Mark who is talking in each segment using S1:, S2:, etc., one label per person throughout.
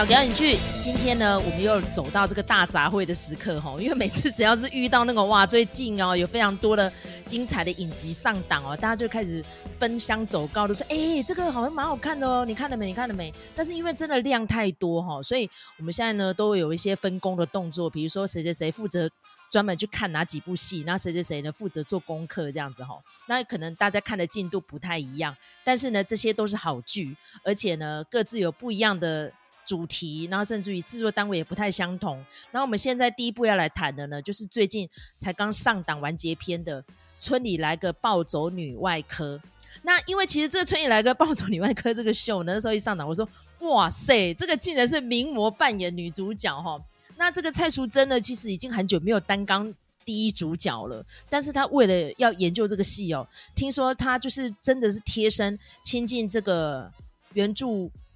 S1: 好，
S2: 表演劇，今天呢，我們又走到這個大雜燴的時刻哈、哦，因為每次只要是遇到那個哇，最近哦有非常多的精彩的影集上檔哦，大家就開始分箱走高說，都說哎，這個好像蠻好看的哦，你看了沒？你看了沒？但是因為真的量太多哈、哦，所以我們現在呢都會有一些分工的動作，比如說誰誰誰負責專門去看哪幾部戲，那誰誰誰呢負責做功課這樣子哈、哦。那可能大家看的進度不太一樣，但是呢這些都是好劇，而且呢各自有不一樣的。主題，然後甚至於制作單位也不太相同。那我們現在第一步要來談的呢，就是最近才剛上檔完結篇的《村裡來個暴走女外科》。那因為其實這個《村裡來個暴走女外科》這個秀呢，那時候一上檔，我說：“哇塞，這個竟然是名模扮演女主角哈、哦！”那這個蔡淑臻呢，其實已經很久沒有擔綱第一主角了，但是她為了要研究這個戲哦，聽說她就是真的是貼身親近這個原著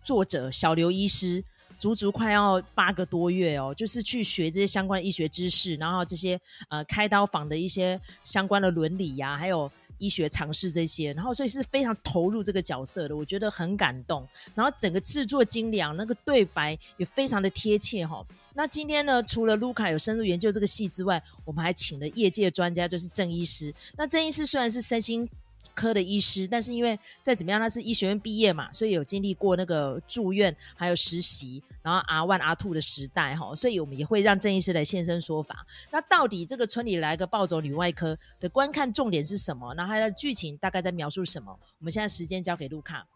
S2: 作者小劉醫師。足足快要八個多月哦，就是去學這些相關醫學知識，然後這些呃開刀房的一些相關的倫理呀、啊，還有醫學常識這些，然後所以是非常投入這個角色的，我覺得很感動。然後整個製作精良，那個對白也非常的貼切哈、哦。那今天呢，除了路卡有深入研究這個戲之外，我們還請了業界專家，就是鄭醫師。那鄭醫師雖然是身心科的醫師，但是因為再怎麼樣，他是醫學院畢業嘛，所以有經歷過那個住院，還有實習，然後 R One、R Two 的時代哈，所以我們也會讓鄭醫師來現身說法。那到底這個村裡來個暴走女外科的觀看重點是什麼？然後他的劇情大概在描述什麼？我們
S1: 現在時間交給路卡。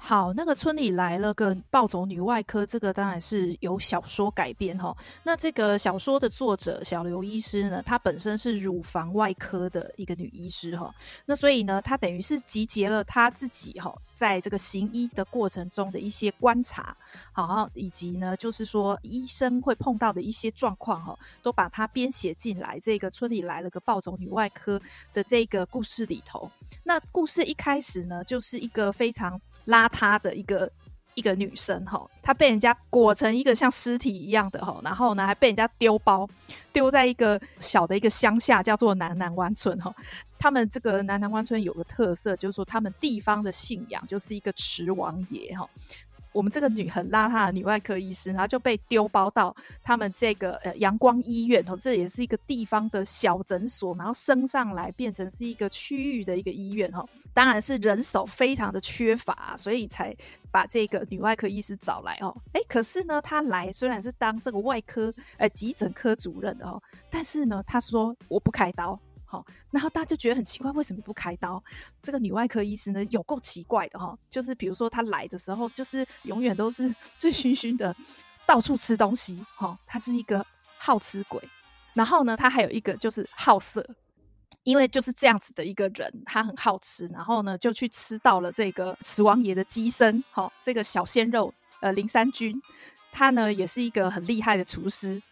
S1: 好，那個村裡來了個暴走女外科，這個當然是由小說改編哈。那這個小說的作者小劉醫師呢，她本身是乳房外科的一個女醫師哈。那所以呢，她等於是集結了她自己哈，在這個行醫的過程中的一些觀察，好，以及呢，就是說醫生會碰到的一些狀況哈，都把它編寫進來。這個村裡來了個暴走女外科的這個故事裡頭，那故事一開始呢，就是一個非常邋遢的一個一個女生哈、喔，她被人家裹成一個像屍體一樣的哈、喔，然後呢還被人家丟包丟在一個小的一個鄉下，叫做南南灣村哈、喔。他們這個南南灣村有個特色，就是說他們地方的信仰就是一個池王爺哈、喔。我們這個女很邋遢的女外科醫師，然後就被丟包到他們這個呃陽光醫院、喔，哦，這也是一個地方的小診所，然後升上來變成是一個區域的一個醫院哦、喔。當然是人手非常的缺乏，啊，所以才把這個女外科醫師找來哦。哎，可是呢，她來雖然是當這個外科，哎、呃，急診科主任的哦，但是呢，她說我不開刀，好、哦，然後大家就覺得很奇怪，為什麼不開刀？這個女外科醫師呢，有夠奇怪的哈、哦，就是比如說她來的時候，就是永遠都是醉醺醺的，到處吃東西哈、哦，她是一個好吃鬼。然後呢，她還有一個就是好色。因為就是這樣子的一個人，他很好吃，然後呢，就去吃到了這個慈王爺的雞身，哈、哦，這個小鮮肉，呃，林三君，他呢也是一個很厲害的廚師，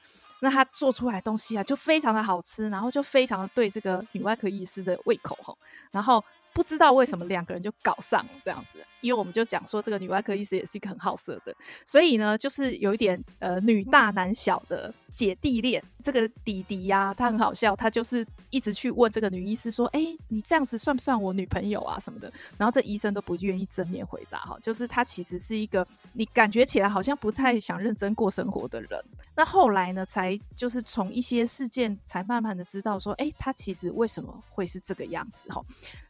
S1: 那他做出來的東西啊，就非常的好吃，然後就非常對這個女外科醫師的胃口，哈、哦，然後。不知道為什麼兩個人就搞上了這樣子，因為我們就講說這個女外科醫師也是一個很好色的，所以呢，就是有一點呃女大男小的姐弟戀。這個弟弟呀，他很好笑，他就是一直去問這個女醫師說：“哎，你這樣子算不算我女朋友啊什麼的？”然後這醫生都不願意正面回答哈，就是他其實是一個你感覺起來好像不太想認真過生活的人。那後來呢，才就是從一些事件才慢慢的知道說：“哎，他其實為什麼會是這個樣子？”哈。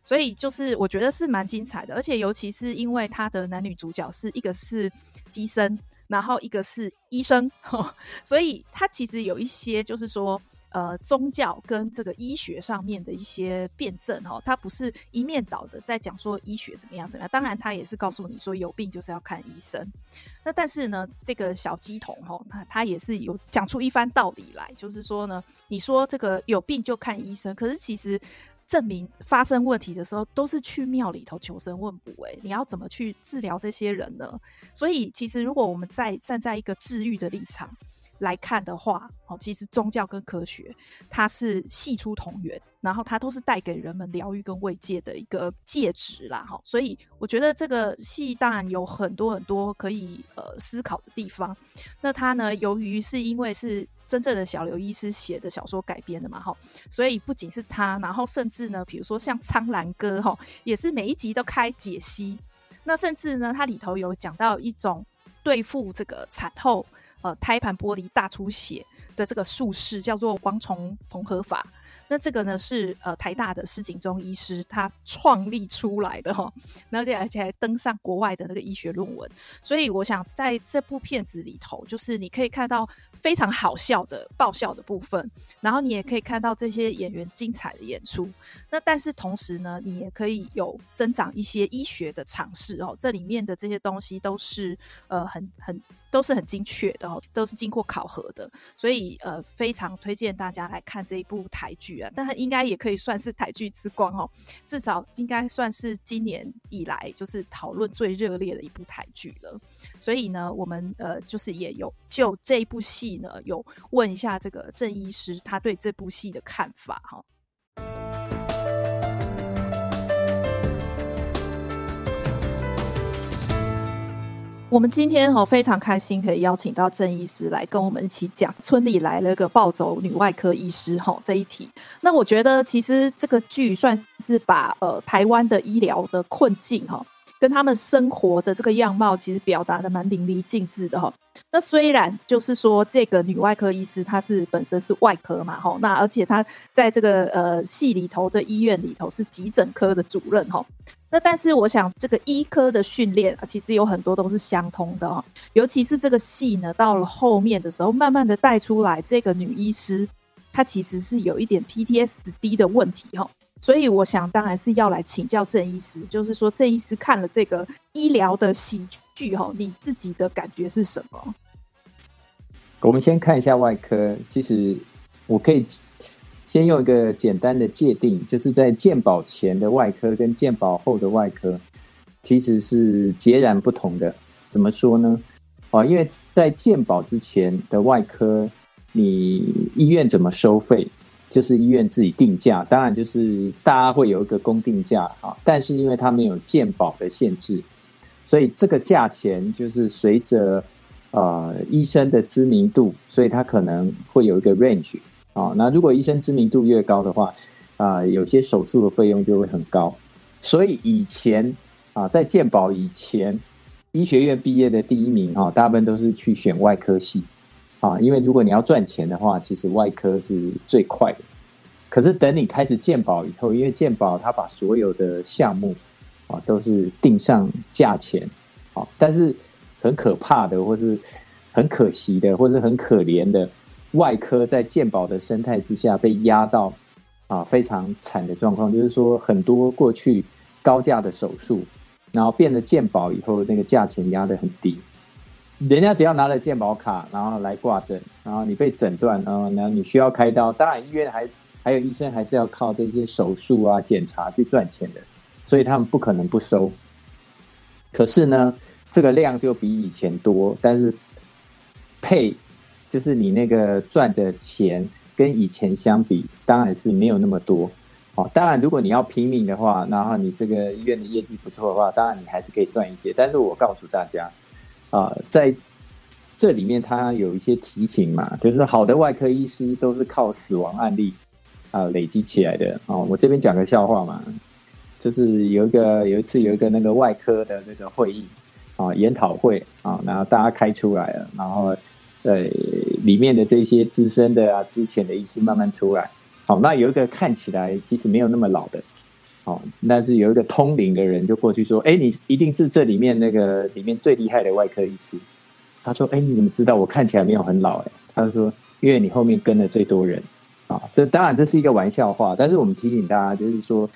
S1: 所以就是我覺得是蠻精彩的，而且尤其是因為他的男女主角是一個是乩身，然後一個是醫生，呵呵，所以它其實有一些就是說呃宗教跟這個醫學上面的一些辯證哦，它不是一面倒的在講說醫學怎麼樣怎麼樣，當然它也是告訴你說有病就是要看醫生，那但是呢，這個小乩童哦，他也是有講出一番道理來，就是說呢，你說這個有病就看醫生，可是其實，證明發生問題的時候，都是去廟裡頭求神問卜。哎，你要怎麼去治療這些人呢？所以，其實如果我們在站在一個治癒的立場來看的話，哦，其實宗教跟科學它是系出同源，然後它都是帶給人們療癒跟慰藉的一個介質。啦。哈，所以我覺得這個戲當然有很多很多可以呃思考的地方。那它呢，由於是因為是。真正的小劉醫師寫的小說改編的嘛，哈，所以不僅是他，然後甚至呢，比如說像蒼藍鴿哈，也是每一集都開解析。那甚至呢，它裡頭有講到一種對付這個產後呃胎盤剝離大出血的這個術式，叫做光蟲縫合法。那這個呢是呃台大的施景中醫師他創立出來的哈、哦，那就而且還登上國外的那個醫學論文，所以我想在這部片子裡頭，就是你可以看到非常好笑的爆笑的部分，然後你也可以看到這些演員精彩的演出，那但是同時呢，你也可以有增長一些醫學的常識哦，這裡面的這些東西都是呃很很。很都是很精確的哦，都是經過考核的，所以呃，非常推薦大家來看這一部台劇啊。但應該也可以算是台劇之光哦，至少應該算是今年以來就是討論最熱烈的一部台劇了。所以呢，我們呃，就是也有就這部戲呢，有問一下這個鄭醫師他對這部戲的看法哈哦。我們今天哈非常開心可以邀請到鄭醫師來跟我們一起講《村裡來了個暴走女外科醫師》哈這一題。那我覺得其實這個劇算是把呃台灣的醫療的困境哈，跟他們生活的這個樣貌其實表達得蠻淋漓盡致的哈。那雖然就是說這個女外科醫師她是本身是外科嘛哈，那而且她在這個呃戲裡頭的醫院裡頭是急診科的主任哈。但是我想，這個醫科的訓練，啊，其實有很多都是相通的哈，哦，尤其是這個戲呢，到了後面的時候，慢慢的帶出來這個女醫師，她其實是有一點 PTSD 的問題，哦，所以我想，當然是要來請教鄭醫師，就是說鄭醫師看了這個醫療的喜劇，哦，你自己的感覺是什麼？
S3: 我們先看一下外科，其實我可以。先用一個簡單的界定，就是在健保前的外科跟健保後的外科其實是截然不同的。怎麼說呢？哦，因為在健保之前的外科，你醫院怎麼收費，就是醫院自己定價，當然就是大家會有一個公定價啊、哦，但是因為它沒有健保的限制，所以這個價錢就是隨着啊、呃、醫生的知名度，所以他可能會有一個 range。啊，哦，那如果醫生知名度越高的話，啊，呃，有些手術的費用就會很高，所以以前啊，在健保以前，醫學院畢業的第一名，哦，大部分都是去選外科系，啊，因為如果你要賺錢的話，其實外科是最快的。可是等你開始健保以後，因為健保他把所有的項目啊，都是定上價錢，啊，但是很可怕的，或是很可惜的，或是很可憐的。外科在健保的生態之下被壓到啊非常慘的狀況，就是說很多過去高價的手術，然後變得健保以後那個價錢壓得很低，人家只要拿了健保卡，然後來掛診，然後你被診斷然後，然後你需要開刀，當然醫院還還有醫生還是要靠這些手術啊檢查去賺錢的，所以他們不可能不收。可是呢，這個量就比以前多，但是配。就是你那個賺的錢跟以前相比，當然是沒有那麼多。哦、當然，如果你要拼命的話，然後你這個醫院的業績不錯的話，當然你還是可以賺一些。但是我告訴大家，啊、呃，在這裡面它有一些提醒嘛，就是好的外科醫師都是靠死亡案例啊、呃、累積起來的、哦。我這邊講個笑話嘛，就是有一個有一次有一個那個外科的那個會議啊、哦、研討會啊、哦，然後大家開出來了，然後。呃，裡面的這些資深的啊，之前的醫師慢慢出來。好，那有一個看起來其實沒有那麼老的，哦，但是有一個通靈的人就過去說：“哎，你一定是這裡面那個裡面最厲害的外科醫師。”他說：“哎，你怎麼知道我看起來沒有很老、欸？”哎，他說：“因為你後面跟了最多人。哦”好，這當然這是一個玩笑話，但是我們提醒大家，就是說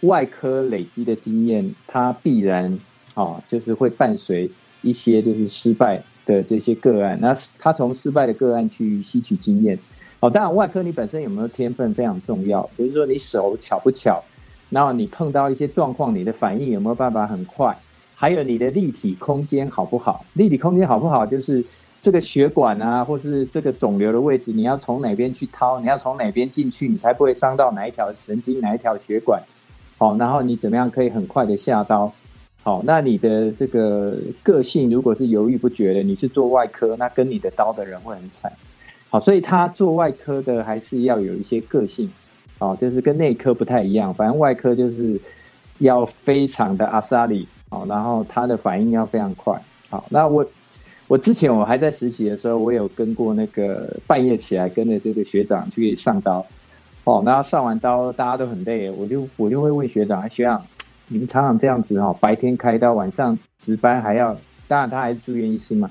S3: 外科累積的經驗，它必然啊、哦，就是會伴隨一些就是失敗。的這些個案，那他從失敗的個案去吸取經驗。好、哦，當然，外科你本身有沒有天分非常重要。比如說，你手巧不巧，然後你碰到一些狀況，你的反應有沒有辦法很快？還有你的立體空間好不好？立體空間好不好？就是這個血管啊，或是這個腫瘤的位置，你要從哪邊去掏？你要從哪邊進去？你才不會傷到哪一條神經、哪一條血管。好、哦，然後你怎麼樣可以很快的下刀？哦，那你的這個個性如果是猶豫不決的，你去做外科，那跟你的刀的人會很慘。好，哦，所以他做外科的還是要有一些個性，哦，就是跟內科不太一樣。反正外科就是要非常的阿莎力，哦，然後他的反應要非常快。好，哦，那我我之前我還在實習的時候，我有跟過那個半夜起來跟着這個學長去上刀，哦，那上完刀大家都很累，我就我就會問學長，哎，學長。你們常常這樣子哈、哦，白天開刀，晚上值班，還要，當然他還是住院醫師嘛。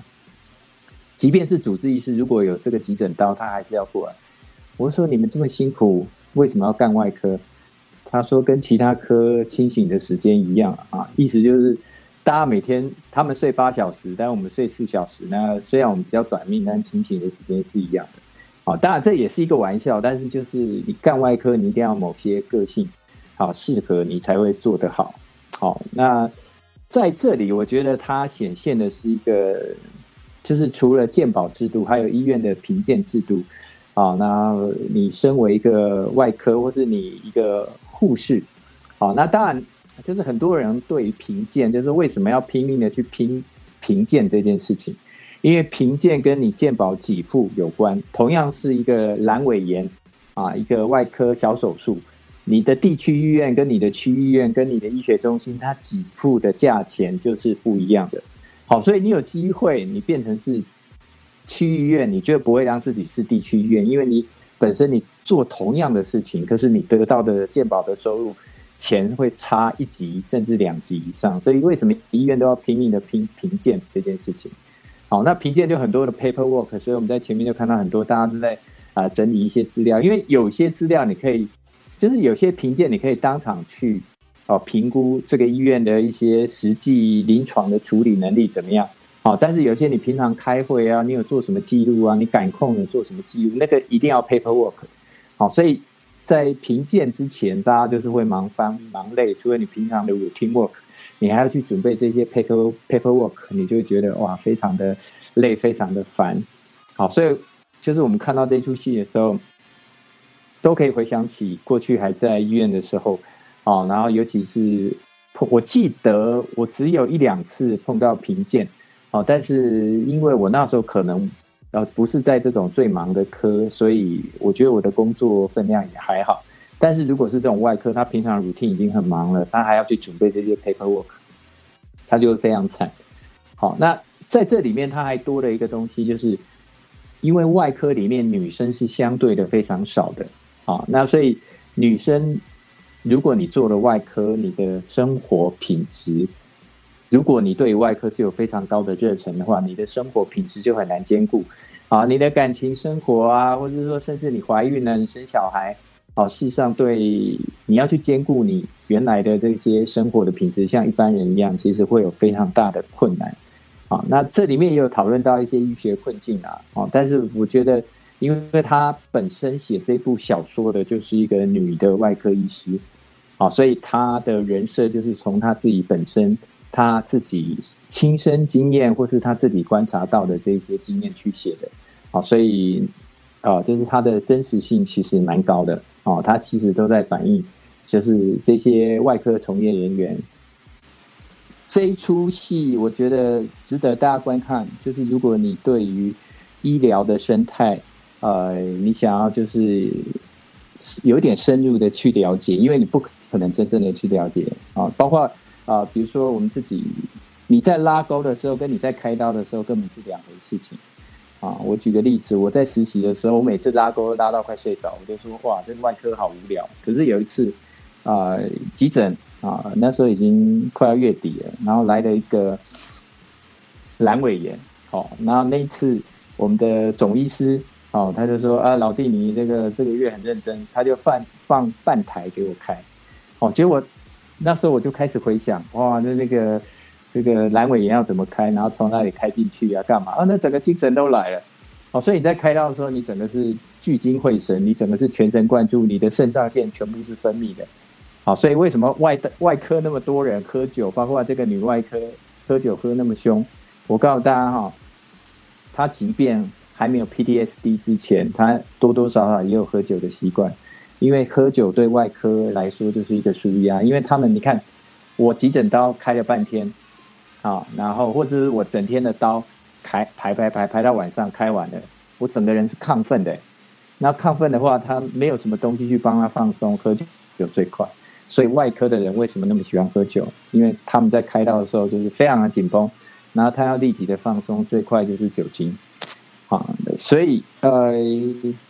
S3: 即便是主治醫師，如果有這個急診刀，他還是要過來。我說，你們這麼辛苦，為什麼要幹外科？他說，跟其他科清醒的時間一樣啊，意思就是大家每天他們睡八小時，但我們睡四小時。那雖然我們比較短命，但清醒的時間是一樣的。好、哦，當然這也是一個玩笑，但是就是你幹外科，你一定要某些個性。好，適合你才會做得好。好，那在這裡，我覺得它顯現的是一個，就是除了健保制度，還有醫院的評鑑制度。啊，那你身為一個外科，或是你一個護士，啊，那當然就是很多人對於評鑑，就是為什麼要拼命的去拼評鑑這件事情？因為評鑑跟你健保給付有關，同樣是一個闌尾炎啊，一個外科小手術。你的地區醫院跟你的區醫院跟你的醫學中心，它給付的價錢就是不一樣的。好，所以你有機會，你變成是區醫院，你就不會讓自己是地區醫院，因為你本身你做同樣的事情，可是你得到的健保的收入錢會差一級甚至兩級以上。所以為什麼醫院都要拼命的拼評鑑這件事情？好，那評鑑就很多的 paperwork，所以我們在前面就看到很多大家都在啊、呃、整理一些資料，因為有些資料你可以。就是有些評鑑，你可以當場去哦，評估這個醫院的一些實際臨床的處理能力怎麼樣，好、哦，但是有些你平常開會啊，你有做什麼記錄啊，你感控有做什麼記錄，那個一定要 paperwork，好、哦，所以在評鑑之前，大家就是會忙翻忙累，除了你平常的 routine work，你還要去準備這些 paper paperwork，你就會覺得哇，非常的累，非常的煩，好、哦，所以就是我們看到這出戲的時候，都可以回想起過去還在醫院的時候，哦，然後尤其是我記得我只有一兩次碰到評鑑，哦，但是因為我那時候可能呃不是在這種最忙的科，所以我覺得我的工作分量也還好。但是如果是這種外科，他平常 routine 已經很忙了，他還要去準備這些 paperwork，他就非常慘。好，哦，那在這裡面他還多了一個東西，就是因為外科裡面女生是相對的非常少的。啊、哦，那所以女生，如果你做了外科，你的生活品質，如果你對於外科是有非常高的熱忱的話，你的生活品質就很難兼顧。啊、哦，你的感情生活啊，或者說甚至你懷孕了、你生小孩，好、哦，事實上對你要去兼顧你原來的這些生活的品質，像一般人一樣，其實會有非常大的困難。啊、哦，那這裡面也有討論到一些醫學困境啊，哦，但是我覺得。因為他本身寫這部小說的就是一個女的外科醫師，啊、哦，所以他的人設就是從他自己本身他自己親身經驗或是他自己觀察到的這些經驗去寫的，啊、哦，所以啊、哦，就是他的真實性其實蠻高的，哦，他其實都在反映就是這些外科從業人員，這一出戲，我覺得值得大家觀看。就是如果你對於醫療的生態，呃，你想要就是有一點深入的去了解，因為你不可可能真正的去了解啊、呃。包括啊、呃，比如說我們自己，你在拉鈎的時候，跟你在開刀的時候根本是兩回事情。情、呃、啊，我舉個例子，我在實習的時候，我每次拉鈎拉到快睡着，我就說哇，這外科好無聊。可是有一次啊、呃，急診啊、呃，那時候已經快要月底了，然後來了一個闌尾炎。好、哦，那那一次我們的總醫師。哦，他就說啊，老弟，你這個這個月很認真，他就放放半台給我開。哦，結果那時候我就開始回想，哇，那那個這個闌尾炎要怎麼開，然後從那裡開進去啊，要幹嘛？啊，那整個精神都來了。哦，所以你在開刀的時候，你整個是聚精會神，你整個是全神貫注，你的腎上腺全部是分泌的。好，所以為什麼外外科那麼多人喝酒，包括這個女外科喝酒喝那麼兇？我告訴大家哈，他即便。還沒有 PTSD 之前，他多多少少也有喝酒的習慣，因為喝酒對外科來說就是一個舒壓啊，因為他們你看，我急診刀開了半天，啊，然後或是我整天的刀排排排排排到晚上開完了，我整個人是亢奮的、欸，那亢奮的話，他沒有什麼東西去幫他放鬆，喝酒最快，所以外科的人為什麼那麼喜歡喝酒？因為他們在開刀的時候就是非常的緊繃，然後他要立即的放鬆，最快就是酒精。啊、嗯，所以呃，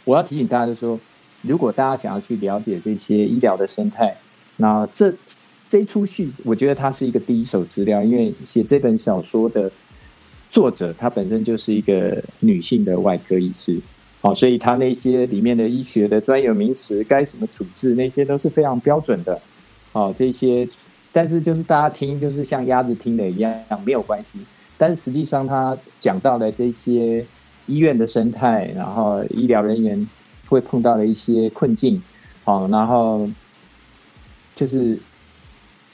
S3: 我要提醒大家就說，如果大家想要去了解這些醫療的生態，那這這齣戲，我覺得它是一個第一手資料，因為寫這本小說的作者，他本身就是一個女性的外科醫師，哦，所以他那些裡面的醫學的專有名詞，該怎麼處置，那些都是非常標準的，哦，這些，但是就是大家聽，就是像鴨子聽的一樣，沒有關係，但實際上他講到的這些。醫院的生態，然後醫療人員會碰到的一些困境，哦，然後就是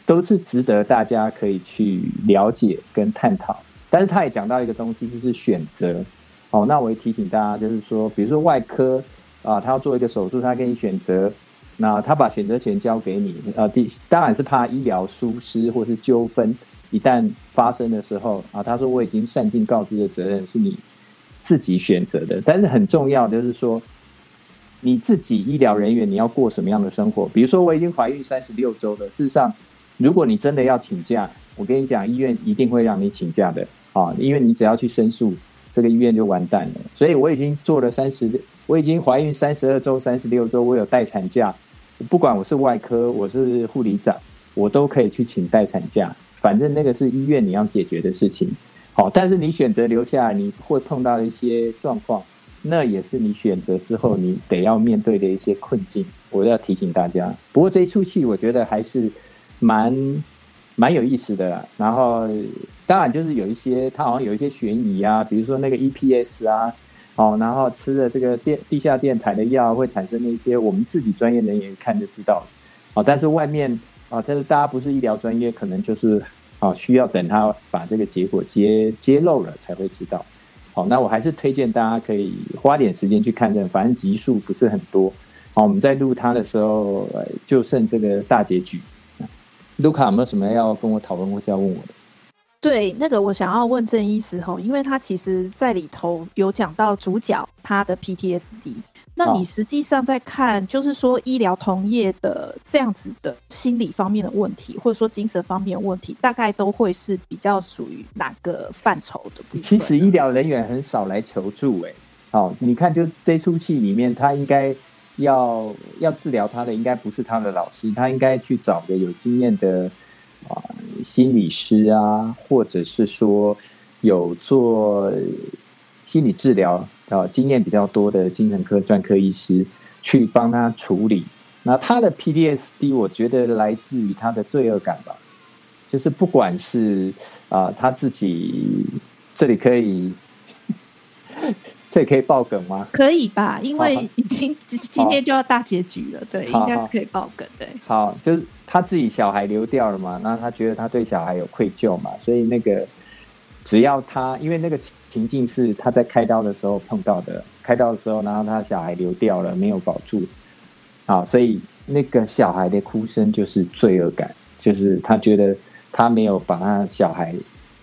S3: 都是值得大家可以去了解跟探討。但是他也講到一個東西，就是選擇，哦，那我也提醒大家，就是說，比如說外科啊，他要做一個手術，他給你選擇，那他把選擇權交給你，呃、啊，第當然是怕醫療疏失或是糾紛一旦發生的時候啊，他說我已經善盡告知的責任，是你。自己選擇的，但是很重要，就是說你自己醫療人員，你要過什麼樣的生活。比如說，我已經懷孕三十六周了。事實上，如果你真的要請假，我跟你講，醫院一定會讓你請假的啊，因為你只要去申訴，這個醫院就完蛋了。所以我已經做了三十，我已經懷孕三十二周、三十六周，我有待產假。不管我是外科，我是護理長，我都可以去請待產假，反正那個是醫院你要解決的事情。好，但是你選擇留下，你會碰到一些狀況，那也是你選擇之後你得要面對的一些困境。嗯。我要提醒大家，不過這一出戲我覺得還是蠻蠻有意思的啦。然後當然就是有一些，它好像有一些懸疑啊，比如說那個 EPS 啊，哦，然後吃了這個電地下電台的藥會產生的一些，我們自己專業人員看就知道了。哦，但是外面啊，哦，但是大家不是醫療專業，可能就是。好，需要等他把這個結果揭揭露了才會知道。好，那我還是推薦大家可以花點時間去看看，反正集數不是很多。好，我們在錄他的時候，就剩這個大結局。盧卡有沒有什麼要跟我討論或是要問我的？
S1: 對，那個我想要問鄭醫師吼，因為他其實在裡頭有講到主角他的 PTSD。那你實際上在看，就是說醫療同業的這樣子的心理方面的問題，或者說精神方面的問題，大概都會是比較屬於哪個範疇的？
S3: 其實醫療人員很少來求助，欸，誒。好，你看就這出戲裡面，他應該要要治療他的，應該不是他的老師，他應該去找個有經驗的啊心理師啊，或者是說有做心理治療。啊，經驗比較多的精神科專科醫師去幫他處理。那他的 PTSD 我覺得來自於他的罪惡感吧，就是不管是啊他自己，這裡可以，這裡可以爆梗嗎？
S1: 可以吧，因為已經今今天就要大結局了， 對，應該是可以爆梗，對。
S3: 好，好，好，好，就是他自己小孩流掉了嘛，那他覺得他對小孩有愧疚嘛，所以那個。只要他，因為那個情境是他在開刀的時候碰到的，開刀的時候，然後他小孩流掉了，沒有保住，啊，所以那個小孩的哭聲就是罪惡感，就是他覺得他沒有把他小孩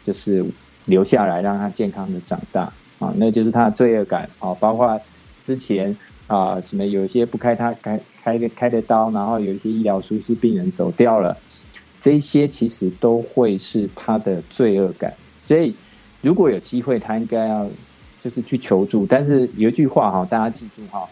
S3: 就是留下來，讓他健康的長大，啊，那就是他的罪惡感，啊，包括之前啊，什麼有一些不開他開開的開的刀，然後有一些醫療疏失，病人走掉了，這一些其實都會是他的罪惡感。所以，如果有機會，他應該要就是去求助。但是有一句話哈、哦，大家記住哈、哦，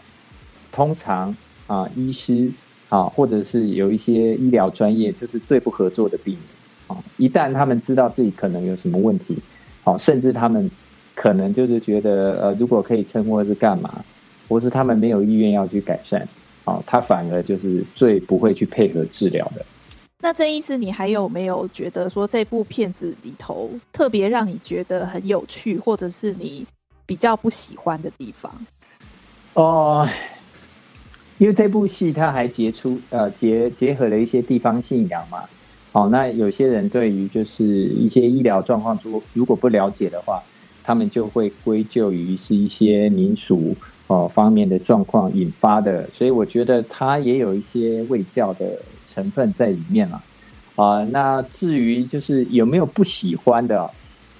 S3: 通常啊，醫師啊，或者是有一些醫療專業，就是最不合作的病人啊。一旦他們知道自己可能有什麼問題，啊、甚至他們可能就是覺得呃，如果可以撐或是幹嘛，或是他們沒有意願要去改善，啊，他反而就是最不會去配合治療的。
S1: 那鄭醫師，你還有沒有覺得說這部片子裡頭特別讓你覺得很有趣，或者是你比較不喜歡的地方？
S3: 哦，因為這部戲它還結出呃結結合了一些地方信仰嘛。哦，那有些人對於就是一些醫療狀況，如如果不了解的話，他們就會歸咎於是一些民俗哦方面的狀況引發的。所以我覺得它也有一些衛教的成分在裡面了啊，呃，那至於就是有沒有不喜歡的、啊，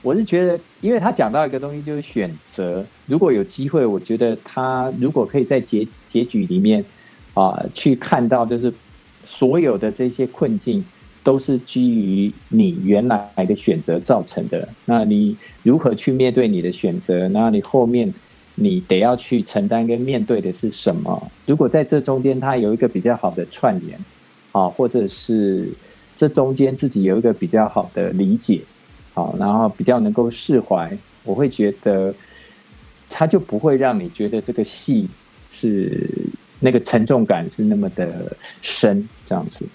S3: 我是覺得，因為他講到一個東西，就是選擇。如果有機會，我覺得他如果可以在結結局裡面啊，去看到就是所有的這些困境都是基於你原來的選擇造成的。那你如何去面對你的選擇？那你後面你得要去承擔跟面對的是什麼？如果在這中間，他有一個比較好的串聯。啊，或者是這中間自己有一個比較好的理解，好，然後比較能夠釋懷，我會覺得，他就不會讓你覺得這個戲是那個沉重感是那麼的深這樣子。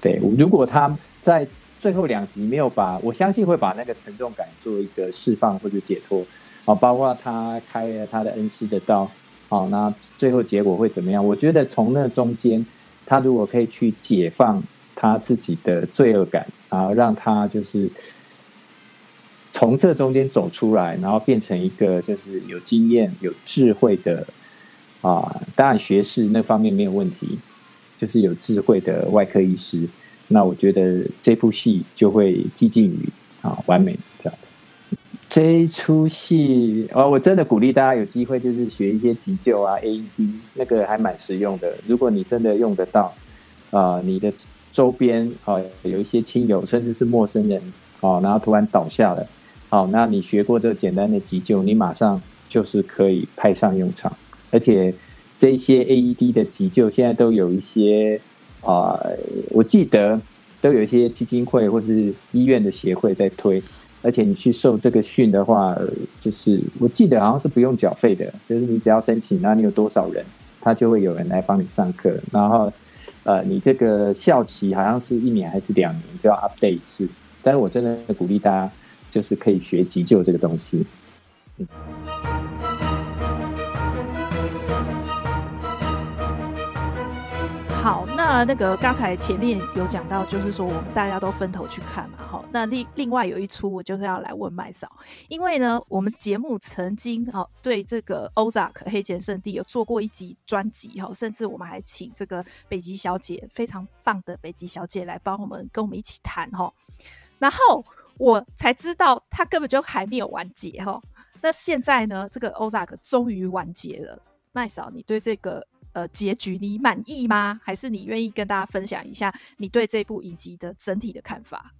S3: 對，如果他在最後兩集沒有把，我相信會把那個沉重感做一個釋放或者解脫。好，包括他開了他的恩師的刀，好，那最後結果會怎麼樣？我覺得從那中間。他如果可以去解放他自己的罪惡感啊，然後讓他就是從這中間走出來，然後變成一個就是有經驗、有智慧的，啊，當然學識那方面沒有問題，就是有智慧的外科醫師。那我覺得這部戲就會接近於啊完美，這樣子。這一出戲哦，我真的鼓勵大家有機會就是學一些急救啊，AED 那個還蠻實用的。如果你真的用得到，啊、呃，你的周邊啊、呃、有一些親友，甚至是陌生人啊、哦，然後突然倒下了，好、哦，那你學過這簡單的急救，你馬上就是可以派上用場。而且這些 AED 的急救現在都有一些啊、呃，我記得都有一些基金會或是醫院的協會在推。而且你去受這個訓的話，就是我記得好像是不用繳費的，就是你只要申請，那你有多少人，他就會有人來幫你上課。然後，呃，你這個效期好像是一年還是兩年就要 update 一次。但是我真的鼓勵大家，就是可以學急救這個東西。嗯
S1: 好，那那個剛才前面有講到，就是說我們大家都分頭去看嘛，哈。那另另外有一出，我就是要來問麥嫂，因為呢，我們節目曾經啊對這個《歐扎克黑錢勝地》有做過一集專輯，哈，甚至我們還請這個北極小姐，非常棒的北極小姐來幫我們跟我們一起談，哈。然後我才知道，他根本就還沒有完結，哈。那現在呢，這個《歐扎克》終於完結了，麥嫂，你對這個？呃，結局你滿意嗎？還是你願意跟大家分享一下你對這部影集的整體的看法？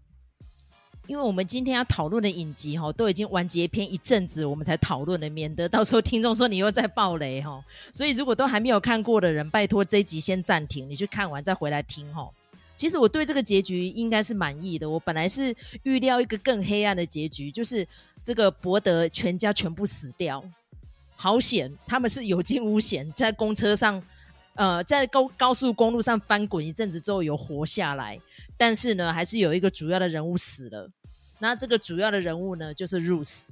S2: 因為我們今天要討論的影集哈，都已經完結篇一陣子，我們才討論的，免得到時候聽眾說你又在爆雷哈。所以如果都還沒有看過的人，拜托這一集先暫停，你去看完再回來聽哈。其實我對這個結局應該是滿意的，我本來是預料一個更黑暗的結局，就是這個博德全家全部死掉。好險，他們是有驚無險，在公車上，呃，在高高速公路上翻滾一陣子之後，有活下來。但是呢，還是有一個主要的人物死了。那這個主要的人物呢，就是 Ruth。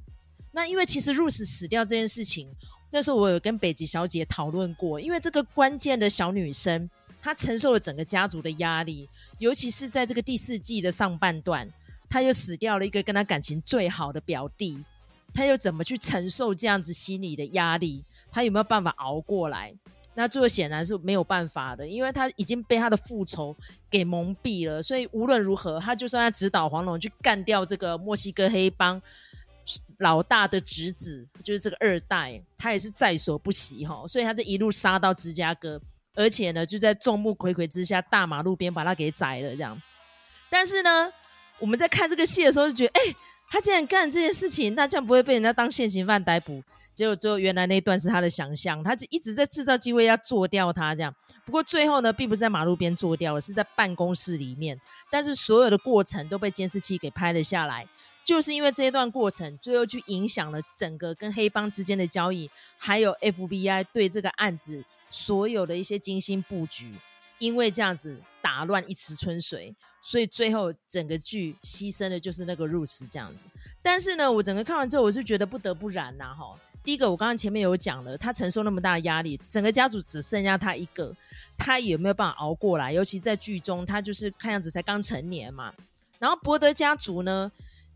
S2: 那因為其實 Ruth 死掉這件事情，那時候我有跟北極小姐討論過，因為這個關鍵的小女生，她承受了整個家族的壓力，尤其是在這個第四季的上半段，她又死掉了一個跟她感情最好的表弟。他又怎麼去承受這樣子心理的壓力？他有沒有辦法熬過來？那最後顯然是沒有辦法的，因為他已經被他的復仇給蒙蔽了。所以無論如何，他就算要直搗黃龍去幹掉這個墨西哥黑幫老大的侄子，就是這個二代，他也是在所不惜哈。所以他就一路殺到芝加哥，而且呢，就在眾目睽睽之下，大馬路邊把他給宰了。這樣，但是呢，我們在看這個戲的時候就覺得，哎、欸。他既然幹這件事情，那這樣不會被人家當現行犯逮捕？結果最後原來那段是他的想象，他就一直在製造機會要做掉他這樣。不過最後呢，並不是在馬路邊做掉了，是在辦公室裡面。但是所有的過程都被監視器給拍了下來。就是因為這一段過程，最後去影響了整個跟黑幫之間的交易，還有 FBI 對這個案子所有的一些精心布局。因為這樣子。打亂一池春水，所以最後整個劇犧牲的就是那個露絲，這樣子。但是呢，我整個看完之後，我就覺得不得不然吶、啊、哈。第一個，我剛剛前面有講了，他承受那麼大的壓力，整個家族只剩下他一個，他有沒有辦法熬過來？尤其在劇中，他就是看樣子才剛成年嘛。然後博德家族呢，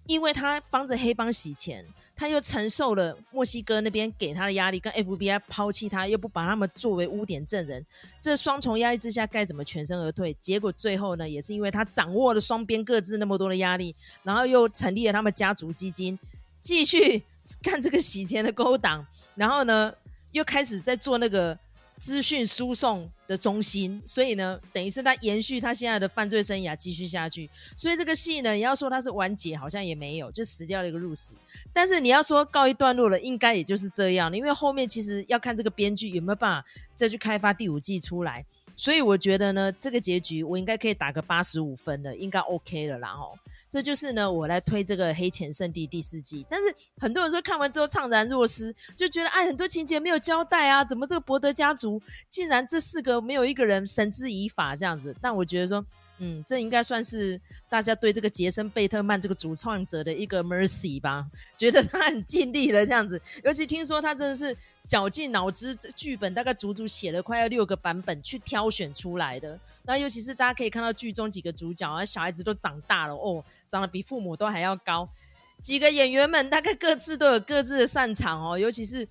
S2: 因為他幫着黑幫洗錢。他又承受了墨西哥那邊給他的壓力，跟 FBI 拋棄他，又不把他們作為污點證人，這雙重壓力之下該怎麼全身而退？結果最後呢，也是因為他掌握了雙邊各自那麼多的壓力，然後又成立了他們家族基金，繼續幹這個洗錢的勾當，然後呢，又開始在做那個資訊輸送的中心，所以呢，等於是他延續他現在的犯罪生涯繼續下去。所以這個戲呢，你要說它是完結，好像也沒有，就死掉了一個露絲。但是你要說告一段落了，應該也就是這樣了，因為後面其實要看這個編劇有沒有辦法再去開發第五季出來。所以我覺得呢，這個結局我應該可以打個八十五分的，應該 OK 了啦哦，這就是呢，我來推這個《黑錢勝地》第四季。但是很多人說看完之後悵然若失，就覺得哎，很多情節沒有交代啊，怎麼這個博德家族竟然這四個沒有一個人繩之以法這樣子？但我覺得說。嗯，這應該算是大家對這個傑森貝特曼這個主創者的一個 mercy 吧，覺得他很盡力了這樣子。尤其聽說他真的是絞盡腦汁，這劇本大概足足寫了快要六個版本去挑選出來的。那尤其是大家可以看到劇中幾個主角啊，小孩子都長大了哦，長得比父母都還要高。幾個演員們大概各自都有各自的擅長哦，尤其是。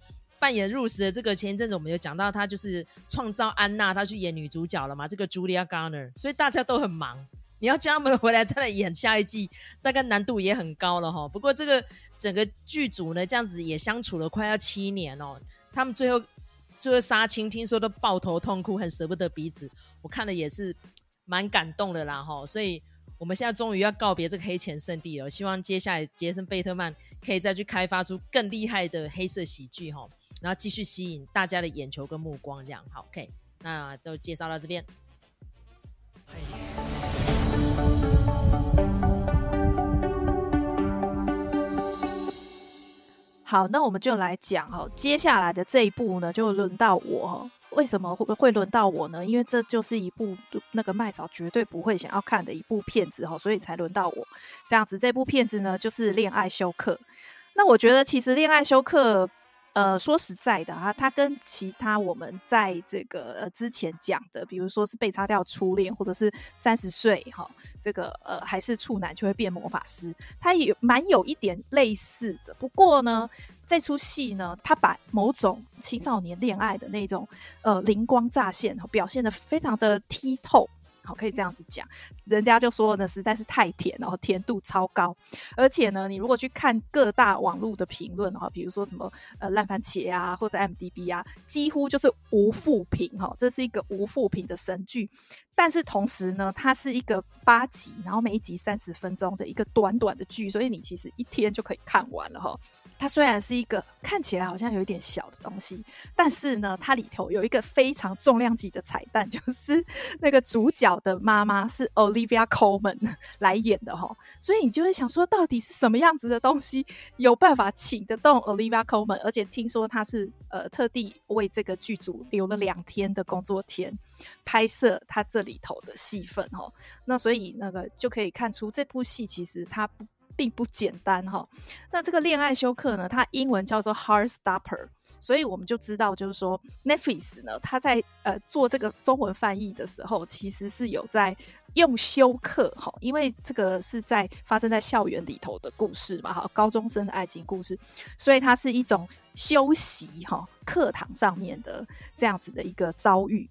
S2: 扮演入室的這個，前一陣子我們有講到，他就是創造安娜，他去演女主角了嘛？這個 Julia Garner，所以大家都很忙，你要叫他們回來再來演下一季，大概難度也很高了哈。不過這個整個劇組呢，這樣子也相處了快要七年哦。他們最後最後殺青，聽說都抱頭痛哭，很捨不得彼此，我看了也是蠻感動的啦哈。所以我們現在終於要告別這個黑錢勝地了，希望接下來傑森貝特曼可以再去開發出更厲害的黑色喜劇哈。然後繼續吸引大家的眼球跟目光，這樣好，OK，那就介紹到這邊。
S1: 好，那我們就來講哦，接下來的這一部呢，就輪到我。為什麼會會輪到我呢？因為這就是一部那個麥嫂絕對不會想要看的一部片子，所以才輪到我，這樣子。這部片子呢，就是《戀愛修課》。那我覺得其實《戀愛修課》。呃，說實在的啊，它跟其他我們在這個呃之前講的，比如說是被擦掉初戀，或者是三十歲哈，這個呃還是處男就會變魔法師，它也蠻有一點類似的。不過呢，這出戲呢，它把某種青少年戀愛的那種呃靈光乍現，表現得非常的剔透。好，可以這樣子講，人家就說呢，實在是太甜，然後甜度超高，而且呢，你如果去看各大網絡的評論的話，比如說什麼呃爛番茄啊或者 IMDB 啊，幾乎就是無負評哈，這是一個無負評的神劇，但是同時呢，它是一個八集，然後每一集三十分鐘的一個短短的劇，所以你其實一天就可以看完了哈。它雖然是一個看起來好像有一點小的東西，但是呢，它裡頭有一個非常重量級的彩蛋，就是那個主角的媽媽是 Olivia Colman 來演的齁，所以你就會想說，到底是什麼樣子的東西有辦法請得動 Olivia Colman？而且聽說他是呃特地為這個劇組留了兩天的工作天拍攝他這裡頭的戲份齁，那所以那個就可以看出這部戲其實它不。並不簡單哈，那這個戀愛修課呢？它英文叫做 Heartstopper，所以我們就知道，就是說 Netflix 呢，他在呃做這個中文翻譯的時候，其實是有在用修課哈，因為這個是在發生在校園裡頭的故事嘛，哈，高中生的愛情故事，所以它是一種修習哈，課堂上面的這樣子的一個遭遇。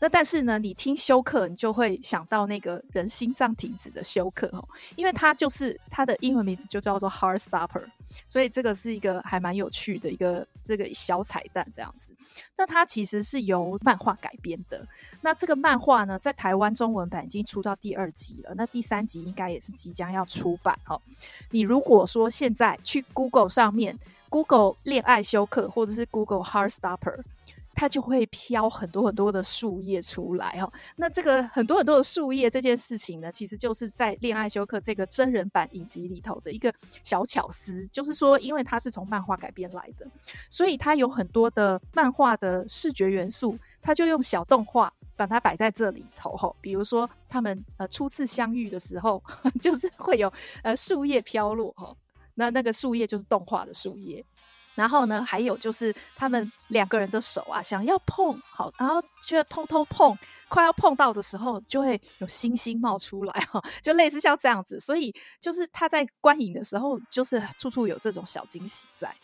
S1: 那但是呢，你聽修課，你就會想到那個人心臟停止的休克哦，因為它就是它的英文名字就叫做 Heartstopper，所以這個是一個還蠻有趣的一個這個小彩蛋這樣子。那它其實是由漫畫改編的，那這個漫畫呢，在台灣中文版已經出到第二集了，那第三集應該也是即將要出版哈、哦。你如果說現在去 Google 上面，Google 戀愛修課或者是 Google Heartstopper。它就會飄很多很多的樹葉出來哦。那這個很多很多的樹葉這件事情呢，其實就是在《戀愛修課》這個真人版影集裡頭的一個小巧思。就是說，因為它是從漫畫改編來的，所以它有很多的漫畫的視覺元素，它就用小動畫把它擺在這裡頭哈。比如說，他們呃初次相遇的時候，就是會有呃樹葉飄落哈。那那個樹葉就是動畫的樹葉。然後呢，還有就是他們兩個人的手啊，想要碰好，然後就要偷偷碰，快要碰到的時候，就會有星星冒出來哈，就類似像這樣子。所以就是他在觀影的時候，就是處處有這種小驚喜在。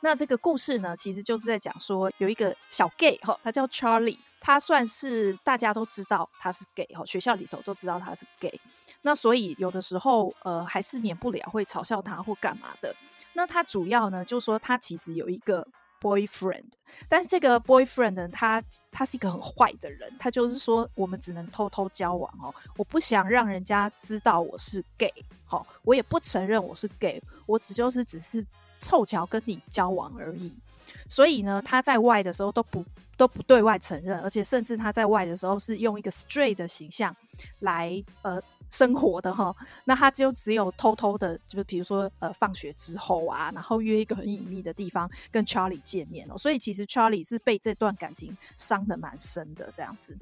S1: 那這個故事呢，其實就是在講說，有一個小 gay 哈，他叫 Charlie，他算是大家都知道他是 gay 哈，學校裡頭都知道他是 gay。那所以有的時候呃，還是免不了會嘲笑他或幹嘛的。那他主要呢，就是說他其實有一個 boyfriend，但是這個 boyfriend 呢，他他是一個很壞的人，他就是說我們只能偷偷交往哦，我不想讓人家知道我是 gay 好、哦，我也不承認我是 gay，我只就是只是湊巧跟你交往而已，所以呢，他在外的時候都不都不對外承認，而且甚至他在外的時候是用一個 straight 的形象來呃。生活的哈，那他就只有偷偷的，就比如說呃，放學之後啊，然後約一個很隱秘的地方跟 Charlie 見面哦。所以其實 Charlie 是被這段感情傷得蠻深的這樣子。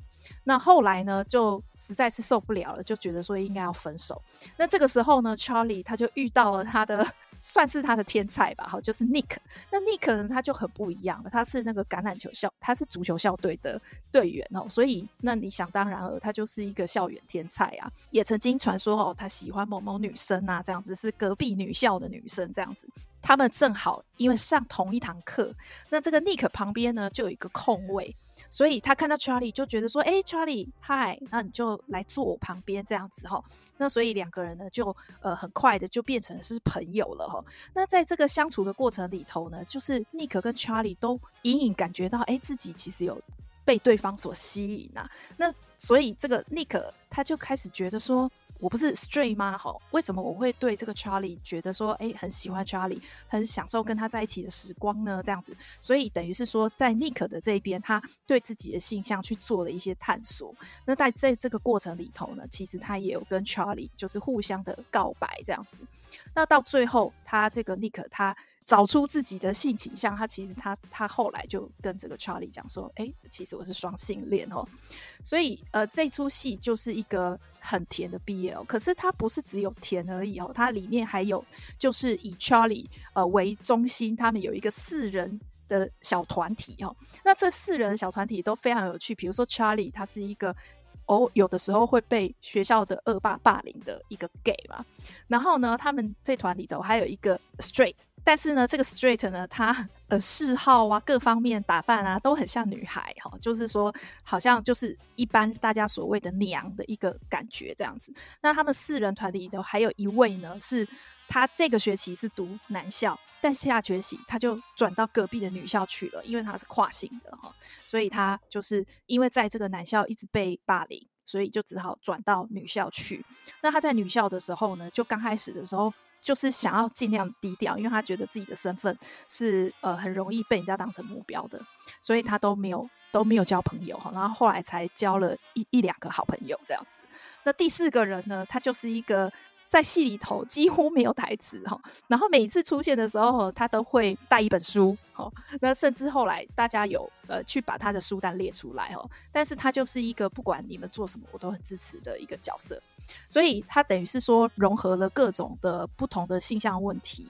S1: 那後來呢，就實在是受不了了，就覺得說應該要分手。那這個時候呢，Charlie 他就遇到了他的。算是他的天菜吧，好，就是 Nick，那 Nick 呢，他就很不一樣了，他是那個橄欖球校，他是足球校隊的隊員哦，所以那你想當然了，他就是一個校園天菜啊，也曾經傳說哦，他喜歡某某女生啊，這樣子是隔壁女校的女生，這樣子，他們正好因為上同一堂課，那這個 Nick 旁邊呢就有一個空位。所以他看到 Charlie 就覺得說，誒、欸、Charlie，Hi，那你就來坐我旁邊這樣子哈。那所以兩個人呢，就呃很快的就變成是朋友了哈。那在這個相處的過程裡頭呢，就是 Nick 跟 Charlie 都隱隱感覺到，誒、欸，自己其實有被對方所吸引啊。那所以這個 Nick 他就開始覺得說。我不是 straight 嗎？哈，為什麼我會對這個 Charlie 覺得說，誒、欸，很喜歡 Charlie，很享受跟他在一起的時光呢？這樣子，所以等於是說，在 Nick 的這一邊，他對自己的性向去做了一些探索。那在這這個過程裡頭呢，其實他也有跟 Charlie 就是互相的告白這樣子。那到最後，他這個 Nick 他。找出自己的性傾向，像他其實他他後來就跟這個 Charlie 講說，哎、欸，其實我是雙性戀哦、喔。所以呃，這出戲就是一個很甜的 BL，可是它不是只有甜而已哦、喔，它裡面還有就是以 Charlie 呃為中心，他們有一個四人的小團體哦、喔。那這四人的小團體都非常有趣，比如說 Charlie 他是一個哦，有的時候會被學校的惡霸霸凌的一個 gay 嘛。然後呢，他們這團裡頭還有一個 straight。但是呢，這個 Straight 呢，他呃嗜好啊，各方面打扮啊，都很像女孩哈，就是說，好像就是一般大家所謂的娘的一個感覺這樣子。那他們四人團裡頭還有一位呢，是他這個學期是讀男校，但下學期他就轉到隔壁的女校去了，因為他是跨性的哈，所以他就是因為在這個男校一直被霸凌，所以就只好轉到女校去。那他在女校的時候呢，就剛開始的時候。就是想要盡量低調，因為他覺得自己的身份是呃很容易被人家當成目標的，所以他都沒有都沒有交朋友，然後後來才交了一一兩個好朋友這樣子。那第四個人呢，他就是一個。在戲裡頭幾乎沒有台詞哈，然後每一次出現的時候，他都會帶一本書，好，那甚至後來大家有呃去把他的書單列出來哦，但是他就是一個不管你們做什麼我都很支持的一個角色，所以他等於是說融合了各種的不同的性向問題。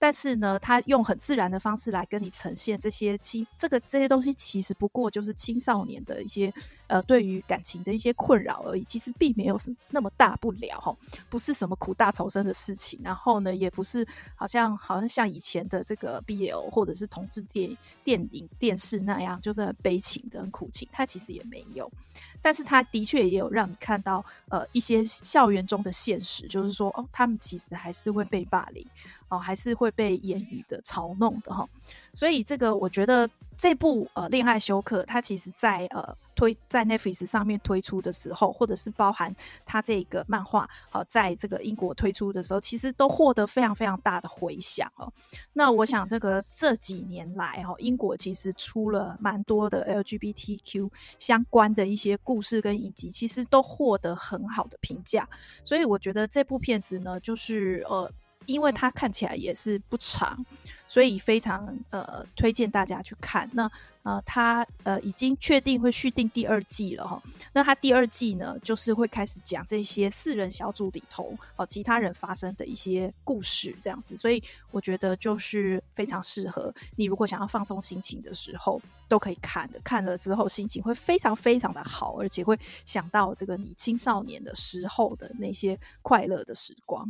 S1: 但是呢，他用很自然的方式來跟你呈現這些其這個這些東西，其實不過就是青少年的一些呃對於感情的一些困擾而已。其實並沒有什麼那麼大不了哈、哦，不是什麼苦大仇深的事情。然後呢，也不是好像好像像以前的這個 BL 或者是同志電電影、電視那樣，就是很悲情的、很苦情。他其實也沒有，但是他的確也有讓你看到呃一些校園中的現實，就是說哦，他們其實還是會被霸凌。哦，還是會被言語的嘲弄的哈、哦，所以這個我覺得這部呃戀愛修課，它其實在呃推在 Netflix 上面推出的時候，或者是包含它這個漫畫，好、呃、在這個英國推出的時候，其實都獲得非常非常大的回響哦。那我想這個這幾年來哈、哦，英國其實出了蠻多的 LGBTQ 相關的一些故事跟，跟以及其實都獲得很好的評價，所以我覺得這部片子呢，就是呃。因為它看起來也是不長，所以非常呃推薦大家去看。那呃，它呃已經確定會續訂第二季了哈。那它第二季呢，就是會開始講這些四人小組裡頭哦其他人發生的一些故事這樣子。所以我覺得就是非常適合你如果想要放鬆心情的時候，都可以看的。看了之後心情會非常非常的好，而且會想到這個你青少年的時候的那些快樂的時光。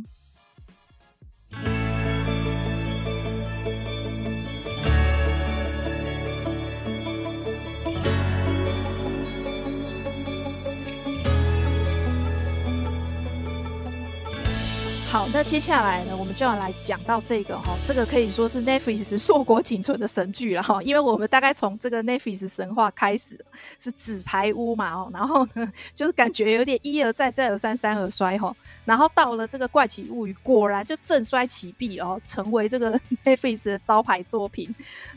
S1: 好，那接下來呢，我們就要來講到這個哈、哦，這個可以說是 Netflix 碩果僅存的神劇了哈、哦，因為我們大概從這個 Netflix 神話開始，是紙牌屋嘛哦，然後呢，就是感覺有點一而再，再而三，三而衰哈、哦，然後到了這個怪奇物語，果然就振衰起敝哦，成為這個 Netflix 的招牌作品。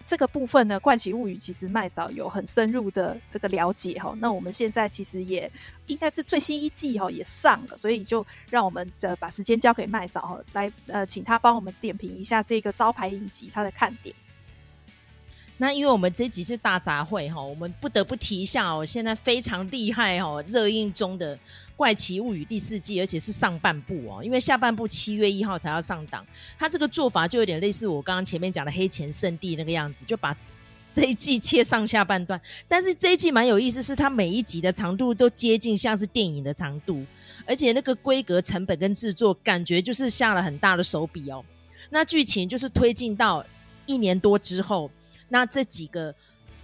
S1: 這個部分呢，怪奇物語其實麥嫂有很深入的這個了解哈、哦，那我們現在其實也。應該是最新一季哈、哦、也上了，所以就讓我們、呃、把時間交給麥嫂哈、哦，來呃請他幫我們點評一下這個招牌影集它的看點。那因
S2: 為我們這集是大雜燴哈、哦，我們不得不提一下哦，現在非常厲害哦，熱映中的《怪奇物語》第四季，而且是上半部哦，因為下半部七月一號才要上檔。它這個做法就有點類似我剛剛前面講的《黑錢勝地》那個樣子，就把。這一季切上下半段，但是這一季蠻有意思，是它每一集的長度都接近像是電影的長度，而且那個規格、成本跟制作，感覺就是下了很大的手筆哦。那劇情就是推進到一年多之後，那這幾個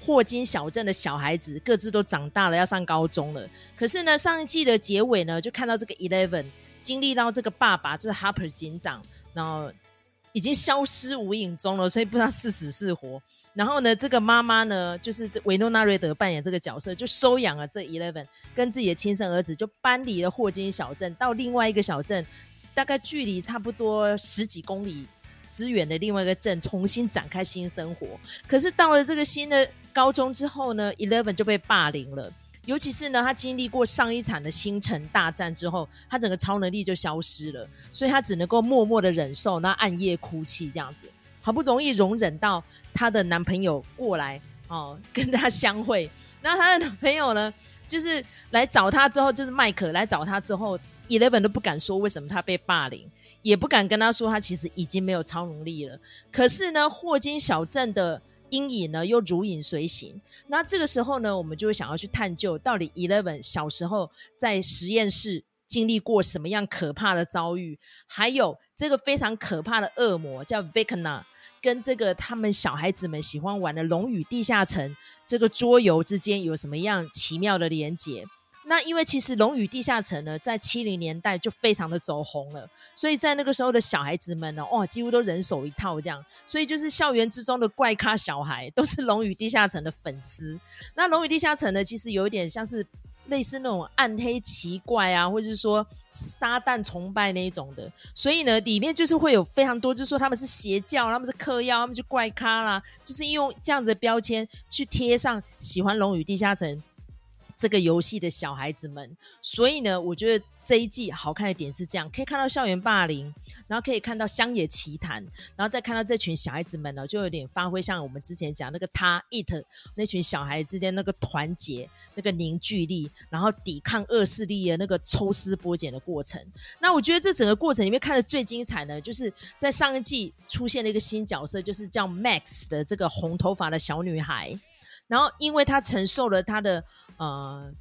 S2: 霍金小鎮的小孩子各自都長大了，要上高中了。可是呢，上一季的結尾呢，就看到這個 Eleven 經歷到這個爸爸就是 Hopper 警長，然後已經消失無影蹤了，所以不知道是死是活。然後呢，這個媽媽呢，就是維諾納瑞德扮演這個角色，就收養了這 Eleven，跟自己的親生兒子，就搬離了霍金小鎮，到另外一個小鎮，大概距離差不多十幾公里之遠的另外一個鎮，重新展開新生活。可是到了這個新的高中之後呢，Eleven 就被霸凌了，尤其是呢，他經歷過上一場的星辰大戰之後，他整個超能力就消失了，所以他只能夠默默的忍受，那暗夜哭泣這樣子。好不容易容忍到她的男朋友過來哦，跟她相會。那她的男朋友呢，就是來找她之後，就是麥克來找她之後，Eleven 都不敢說為什麼她被霸凌，也不敢跟她說她其實已經沒有超能力了。可是呢，霍金小鎮的陰影呢又如影隨形。那這個時候呢，我們就會想要去探究，到底 Eleven 小時候在實驗室經歷過什麼樣可怕的遭遇，還有這個非常可怕的惡魔叫 Vecna 跟這個他們小孩子們喜歡玩的《龍與地下城》這個桌遊之間有什麼樣奇妙的連結？那因為其實《龍與地下城》呢，在七零年代就非常的走紅了，所以在那個時候的小孩子們呢，哇，幾乎都人手一套這樣。所以就是校園之中的怪咖小孩，都是《龍與地下城》的粉絲。那《龍與地下城》呢，其實有一點像是類似那種暗黑、奇怪啊，或者是說。撒旦崇拜那一種的，所以呢，裡面就是會有非常多，就是說他們是邪教，他們是嗑藥，他們就怪咖啦，就是用這樣子的標籤去貼上喜歡《龍與地下城》這個遊戲的小孩子們，所以呢，我覺得。這一季好看的點是這樣，可以看到校園霸凌，然後可以看到鄉野奇談，然後再看到這群小孩子們呢、喔，就有點發揮像我們之前講那個他 it 那群小孩之間那個團結、那個凝聚力，然後抵抗惡勢力的那個抽絲剝繭的過程。那我覺得這整個過程裡面看的最精彩呢，就是在上一季出現了一個新角色，就是叫 Max 的這個紅頭髮的小女孩，然後因為她承受了她的呃。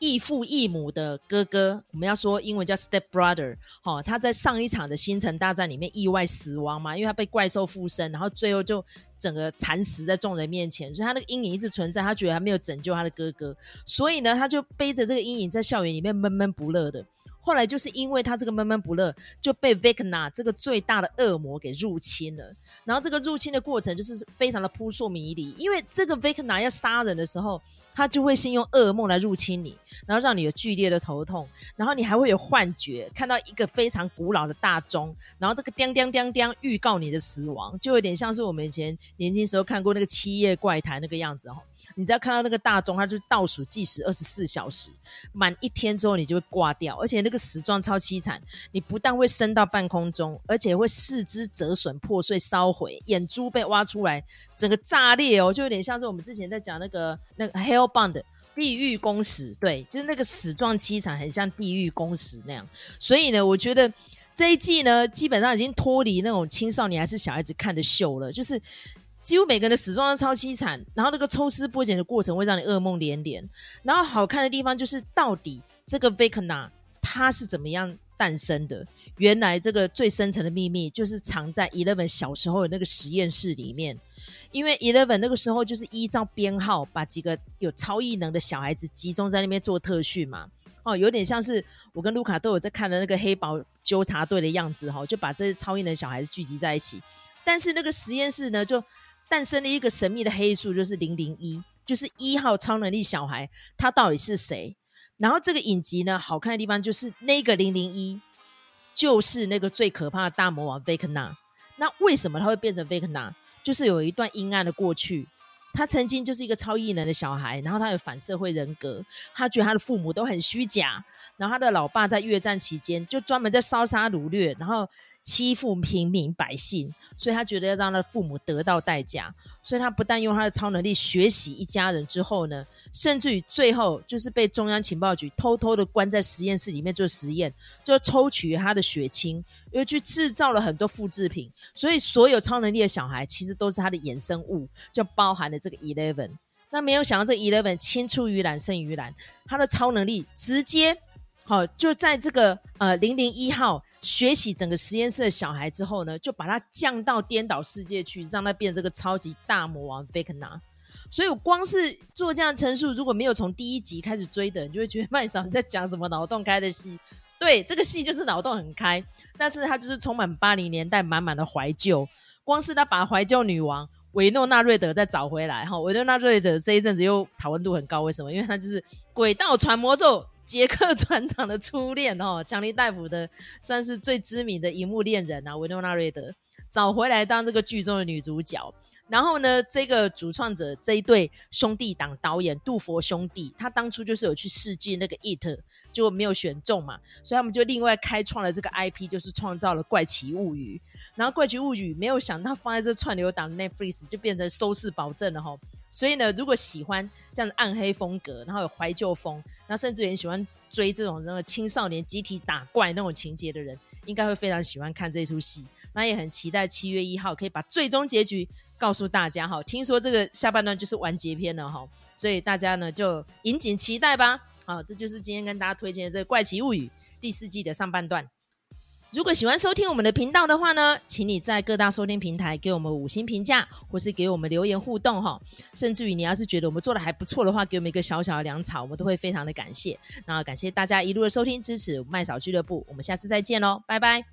S2: 異父異母的哥哥，我們要說英文叫 step brother，哦，他在上一場的星辰大戰裡面意外死亡嘛，因為他被怪獸附身，然後最後就整個慘死在眾人面前，所以他那個陰影一直存在。他覺得還沒有拯救他的哥哥，所以呢，他就背着這個陰影在校園裡面悶悶不樂的。後來就是因為他這個悶悶不樂，就被 Vikna 這個最大的惡魔給入侵了。然後這個入侵的過程就是非常的撲朔迷離，因為這個 Vikna 要殺人的時候，他就會先用噩夢來入侵你，然後讓你有劇烈的頭痛，然後你還會有幻覺，看到一個非常古老的大鐘，然後這個叮叮叮叮叮，預告你的死亡，就有點像是我們以前年輕時候看過那個《七夜怪談》那個樣子哦。你只要看到那個大鐘，它就倒數計時二十四小時，滿一天之後你就會掛掉，而且那個死狀超淒慘，你不但會升到半空中，而且會四肢折損破碎燒毀，眼珠被挖出來，整個炸裂哦，就有點像是我們之前在講那個那個 Hellbound 地獄公使，對，就是那個死狀淒慘，很像地獄公使那樣。所以呢，我覺得這一季呢，基本上已經脫離那種青少年還是小孩子看的秀了，就是。幾乎每個人的死狀都超淒慘，然後那個抽絲剝繭的過程會讓你噩夢連連。然後好看的地方就是，到底這個 Vecna 它是怎麼樣誕生的？原來這個最深層的秘密就是藏在 Eleven 小時候的那個實驗室裡面。因為 Eleven 那個時候就是依照編號把幾個有超異能的小孩子集中在那邊做特訓嘛，哦，有點像是我跟盧卡都有在看的那個黑袍糾察隊的樣子哈，就把這些超異能小孩子聚集在一起。但是那個實驗室呢，就誕生了一個神秘的黑數，就是零零一，就是一號超能力小孩，他到底是誰？然後這個影集呢，好看的地方就是那個零零一，就是那個最可怕的大魔王 Vecna。那為什麼他會變成 Vecna？就是有一段陰暗的過去，他曾經就是一個超異能的小孩，然後他有反社會人格，他覺得他的父母都很虛假，然後他的老爸在越戰期間就專門在燒殺擄掠，然後欺負平民百姓，所以他覺得要讓他的父母得到代價，所以他不但用他的超能力學習一家人之後呢，甚至於最後就是被中央情報局偷偷的關在實驗室裡面做實驗，就抽取他的血清，又去制造了很多複製品，所以所有超能力的小孩其實都是他的衍生物，就包含了這個 Eleven。那沒有想到這 Eleven，這 Eleven 青出於藍勝於藍，他的超能力直接好、哦、就在這個呃零零一號。學習整個實驗室的小孩之後呢，就把他降到顛倒世界去，讓他變成這個超級大魔王 Vecna。所以我光是做這樣的陳述，如果沒有從第一集開始追的人，你就會覺得麥嫂你在講什麼腦洞開的戲？對，這個戲就是腦洞很開，但是他就是充滿八零年代滿滿的懷舊。光是他把懷舊女王維諾娜瑞德再找回來，哈，維諾娜瑞德這一陣子又討論度很高，為什麼？因為他就是軌道傳魔咒。傑克船長的初戀哦，強尼戴普的算是最知名的熒幕戀人啊，維諾娜瑞德找回來當這個劇中的女主角。然後呢，這個主創者這一對兄弟檔導演杜佛兄弟，他當初就是有去試鏡那個《It》，就沒有選中嘛，所以他們就另外開創了這個 IP，就是創造了《怪奇物語》。然後《怪奇物語》沒有想到放在這串流檔 Netflix 就變成收視保證了吼所以呢，如果喜歡這樣暗黑風格，然後有懷舊風，那甚至也很喜歡追這種那個青少年集體打怪那種情節的人，應該會非常喜歡看這一出戲。那也很期待七月一號可以把最終結局告訴大家哈。聽說這個下半段就是完結篇了哈，所以大家呢就引頸期待吧。好，這就是今天跟大家推薦的這個《怪奇物語》第四季的上半段。如果喜歡收聽我們的頻道的話呢，請你在各大收聽平台給我們五星評價，或是給我們留言互動哈。甚至於你要是覺得我們做的還不錯的話，給我們一個小小的糧草，我們都會非常的感謝。那感謝大家一路的收聽支持麥嫂俱樂部，我們下次再見嘍，拜拜。